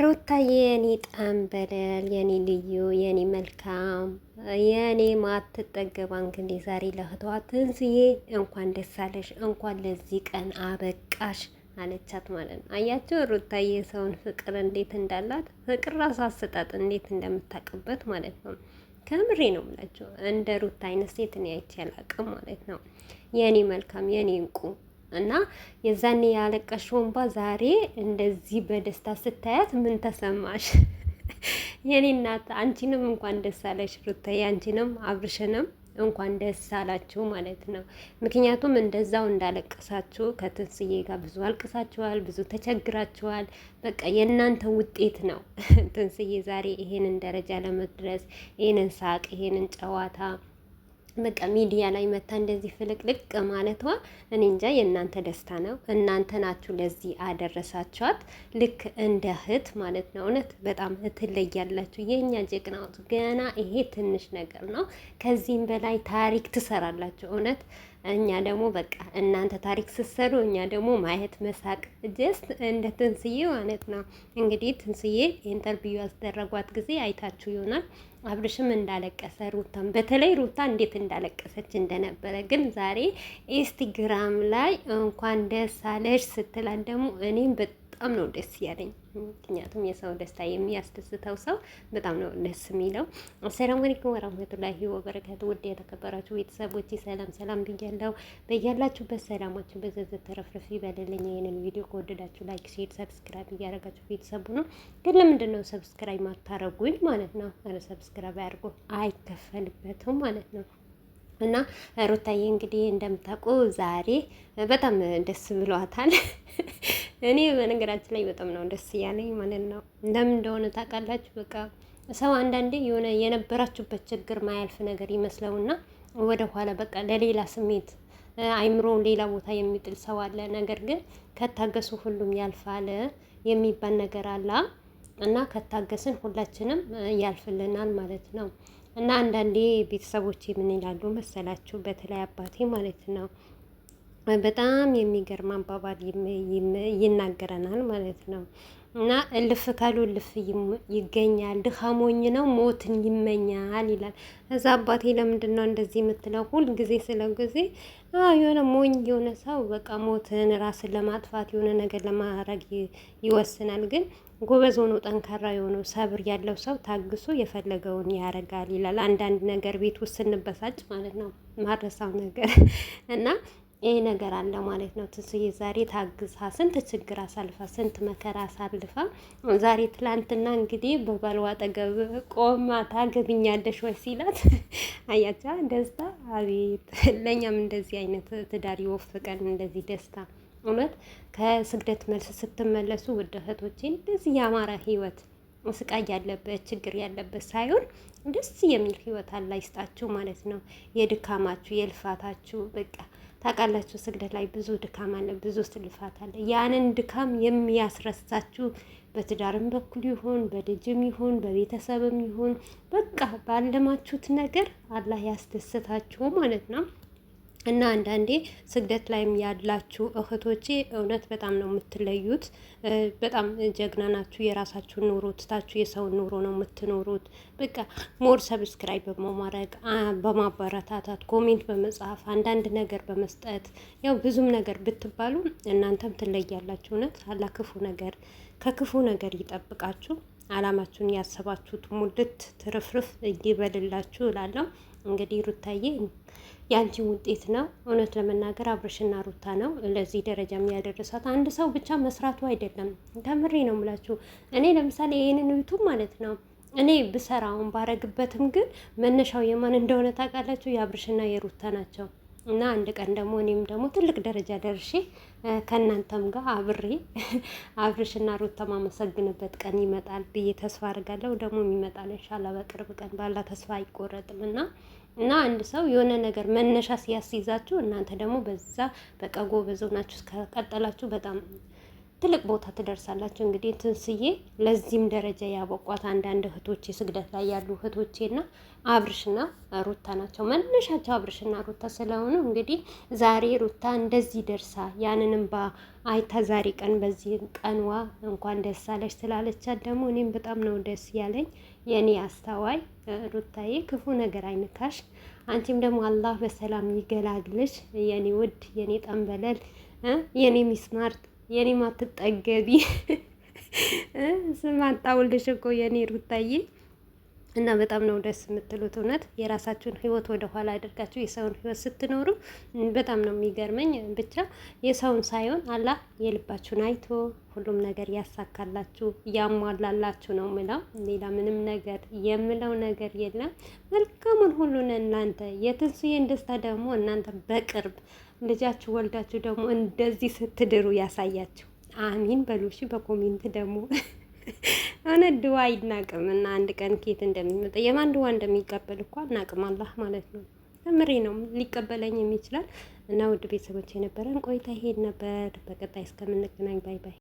ሩታዬ የኔ ጠንበለል የኔ ልዩ የኔ መልካም የኔ ማትጠገባ እንግዲህ ዛሬ ለህቷ ትንስዬ እንኳን ደስ አለሽ እንኳን ለዚህ ቀን አበቃሽ አለቻት ማለት ነው። አያቸው ሩታዬ የሰውን ፍቅር እንዴት እንዳላት ፍቅር ራሱ አሰጣጥ እንዴት እንደምታውቅበት ማለት ነው። ከምሬ ነው የምላቸው እንደ ሩታ አይነት ሴት እኔ አይቼ አላቅም ማለት ነው። የኔ መልካም የኔ እንቁ እና የዛኔ ያለቀሽው እንባ ዛሬ እንደዚህ በደስታ ስታያት ምን ተሰማሽ? የኔ እናት አንቺንም እንኳን ደስ አለሽ ሩታዬ፣ አንቺንም አብርሽንም እንኳን ደስ አላችሁ ማለት ነው። ምክንያቱም እንደዛው እንዳለቀሳችሁ ከትንስዬ ጋር ብዙ አልቅሳችኋል፣ ብዙ ተቸግራችኋል። በቃ የእናንተ ውጤት ነው ትንስዬ ዛሬ ይሄንን ደረጃ ለመድረስ ይሄንን ሳቅ፣ ይሄንን ጨዋታ በቃ ሚዲያ ላይ መታ እንደዚህ ፍልቅልቅ ማለቷ እኔ እንጃ የእናንተ ደስታ ነው። እናንተ ናችሁ ለዚህ አደረሳችኋት። ልክ እንደ እህት ማለት ነው። እውነት በጣም እትለያላችሁ። የእኛ ጀግናዎች ገና ይሄ ትንሽ ነገር ነው። ከዚህም በላይ ታሪክ ትሰራላችሁ። እውነት እኛ ደግሞ በቃ እናንተ ታሪክ ስትሰሩ እኛ ደግሞ ማየት መሳቅ፣ ጀስት እንደ ትንስዬ ማለት ነው። እንግዲህ ትንስዬ ኢንተርቪው ያስደረጓት ጊዜ አይታችሁ ይሆናል። አብርሽም እንዳለቀሰ ሩታም በተለይ ሩታ እንዴት እንዳለቀሰች እንደነበረ ግን ዛሬ ኢንስታግራም ላይ እንኳን ደስ አለሽ ስትላት ደግሞ እኔም በጣም ነው ደስ ያለኝ። ምክንያቱም የሰው ደስታ የሚያስደስተው ሰው በጣም ነው ደስ የሚለው። አሰላሙ አለይኩም ወራህመቱላሂ ወበረካቱ። ውድ የተከበራችሁ ቤተሰቦች ሰላም ሰላም ብያለሁ። በያላችሁበት ሰላማችሁ በዘዘ ተረፍረፍ ይበልልኝ። ይህንን ቪዲዮ ከወደዳችሁ ላይክ፣ ሼር፣ ሰብስክራይብ እያደረጋችሁ ቤተሰቡ ነው። ግን ለምንድን ነው ሰብስክራይብ ማታረጉኝ ማለት ነው? አረ ሰብስክራይብ አያርጉ፣ አይከፈልበትም ማለት ነው። እና ሩታዬ እንግዲህ እንደምታውቁ ዛሬ በጣም ደስ ብሏታል። እኔ በነገራችን ላይ በጣም ነው ደስ እያለኝ ማለት ነው። እንደምን እንደሆነ ታውቃላችሁ። በቃ ሰው አንዳንዴ የሆነ የነበራችሁበት ችግር ማያልፍ ነገር ይመስለውና ወደ ኋላ በቃ ለሌላ ስሜት አይምሮ ሌላ ቦታ የሚጥል ሰው አለ። ነገር ግን ከታገሱ ሁሉም ያልፋል የሚባል ነገር አለ እና ከታገስን ሁላችንም ያልፍልናል ማለት ነው። እና አንዳንዴ ቤተሰቦቼ ምን ይላሉ መሰላችሁ? በተለይ አባቴ ማለት ነው በጣም የሚገርም አባባል ይናገረናል ማለት ነው። እና እልፍ ካሉ እልፍ ይገኛል፣ ድካሞኝ ነው ሞትን ይመኛል ይላል። እዛ አባቴ ለምንድን ነው እንደዚህ የምትለው ሁል ጊዜ ስለ ጊዜ የሆነ ሞኝ የሆነ ሰው በቃ ሞትን ራስን ለማጥፋት የሆነ ነገር ለማድረግ ይወስናል። ግን ጎበዝ ሆኖ ጠንካራ የሆነ ሰብር ያለው ሰው ታግሶ የፈለገውን ያደርጋል ይላል። አንዳንድ ነገር ቤት ውስጥ ስንበሳጭ ማለት ነው ማረሳው ነገር እና ይሄ ነገር አለ ማለት ነው። ትንሱዬ ዛሬ ታግዛ ስንት ችግር አሳልፋ ስንት መከራ አሳልፋ ዛሬ ትላንትና እንግዲህ በባልዋ አጠገብ ቆማ ታገብኛለሽ ወይ ሲላት አያቻ ደስታ አቤት! ለእኛም እንደዚህ አይነት ትዳር ይወፍቀን፣ እንደዚህ ደስታ እውነት ከስግደት መልስ ስትመለሱ ውድ እህቶቼ እንደዚህ የአማራ ህይወት ስቃይ ያለበት ችግር ያለበት ሳይሆን ደስ የሚል ህይወት አላይስጣችሁ ማለት ነው። የድካማችሁ የልፋታችሁ በቃ ታውቃላችሁ ስግደት ላይ ብዙ ድካም አለ፣ ብዙ ስልፋት አለ። ያንን ድካም የሚያስረሳችሁ በትዳርም በኩል ይሁን በልጅም ይሁን በቤተሰብም ይሁን በቃ ባለማችሁት ነገር አላህ ያስደስታችሁ ማለት ነው። እና አንዳንዴ ስግደት ላይም ያላችሁ እህቶቼ እውነት በጣም ነው የምትለዩት። በጣም ጀግና ናችሁ። የራሳችሁን ኑሮ ትታችሁ የሰውን ኑሮ ነው የምትኖሩት። በቃ ሞር ሰብስክራይብ በማድረግ በማበረታታት፣ ኮሜንት በመጻፍ፣ አንዳንድ ነገር በመስጠት ያው ብዙም ነገር ብትባሉ እናንተም ትለያላችሁ። እውነት አላ ክፉ ነገር ከክፉ ነገር ይጠብቃችሁ። አላማችሁን ያሰባችሁት ሙልት ትርፍርፍ ይበልላችሁ እላለሁ። እንግዲህ ሩታዬ የአንቺ ውጤት ነው። እውነት ለመናገር አብርሽና ሩታ ነው ለዚህ ደረጃ የሚያደርሳት። አንድ ሰው ብቻ መስራቱ አይደለም። ከምሬ ነው ምላችሁ እኔ ለምሳሌ ይህንን ዩቱብ ማለት ነው እኔ ብሰራውን ባረግበትም፣ ግን መነሻው የማን እንደሆነ ታውቃላችሁ? የአብርሽና የሩታ ናቸው። እና አንድ ቀን ደግሞ እኔም ደግሞ ትልቅ ደረጃ ደርሼ ከእናንተም ጋር አብሬ አብርሽና ሩት ተማመሰግንበት ቀን ይመጣል ብዬ ተስፋ አድርጋለሁ። ደግሞ የሚመጣል እንሻላ በቅርብ ቀን ባላ ተስፋ አይቆረጥም እና እና አንድ ሰው የሆነ ነገር መነሻ ሲያስይዛችሁ እናንተ ደግሞ በዛ በቀጎ ጎበዝ ሆናችሁ ከቀጠላችሁ በጣም ትልቅ ቦታ ትደርሳላችሁ። እንግዲህ ትንስዬ ለዚህም ደረጃ ያበቋት አንዳንድ እህቶቼ ስግደት ላይ ያሉ እህቶቼና አብርሽና ሩታ ናቸው። መነሻቸው አብርሽና ሩታ ስለሆኑ እንግዲህ ዛሬ ሩታ እንደዚህ ደርሳ ያንንም አይታ ዛሬ ቀን በዚህ ቀንዋ እንኳን ደስ አለች ስላለቻት ደግሞ እኔም በጣም ነው ደስ ያለኝ። የእኔ አስተዋይ ሩታዬ ክፉ ነገር አይንካሽ። አንቺም ደግሞ አላህ በሰላም ይገላግልሽ የኔ ውድ የኔ ጠንበለል የኔ ሚስማርት የኔ ማትጠገቢ ስም አጣውልሽ እኮ የኔ ሩታዬ እና በጣም ነው ደስ የምትሉት። እውነት የራሳችሁን ህይወት ወደ ኋላ አድርጋችሁ የሰውን ህይወት ስትኖሩ በጣም ነው የሚገርመኝ። ብቻ የሰውን ሳይሆን አላህ የልባችሁን አይቶ ሁሉም ነገር ያሳካላችሁ ያሟላላችሁ ነው ምለው። ሌላ ምንም ነገር የምለው ነገር የለም። መልካሙን ሁሉን እናንተ የትንሱዬን ደስታ ደግሞ እናንተ በቅርብ ልጃችሁ ወልዳችሁ ደግሞ እንደዚህ ስትድሩ ያሳያችሁ። አሚን በሉ እሺ። በኮሜንት ደግሞ እውነት ድዋ አይናቅም እና አንድ ቀን ኬት እንደሚመጣ የማን ድዋ እንደሚቀበል እኮ አናቅም፣ አላህ ማለት ነው። ተምሬ ነው ሊቀበለኝ የሚችላል። እና ውድ ቤተሰቦች የነበረን ቆይታ ይሄድ ነበር። በቀጣይ እስከምንገናኝ ባይ ባይ።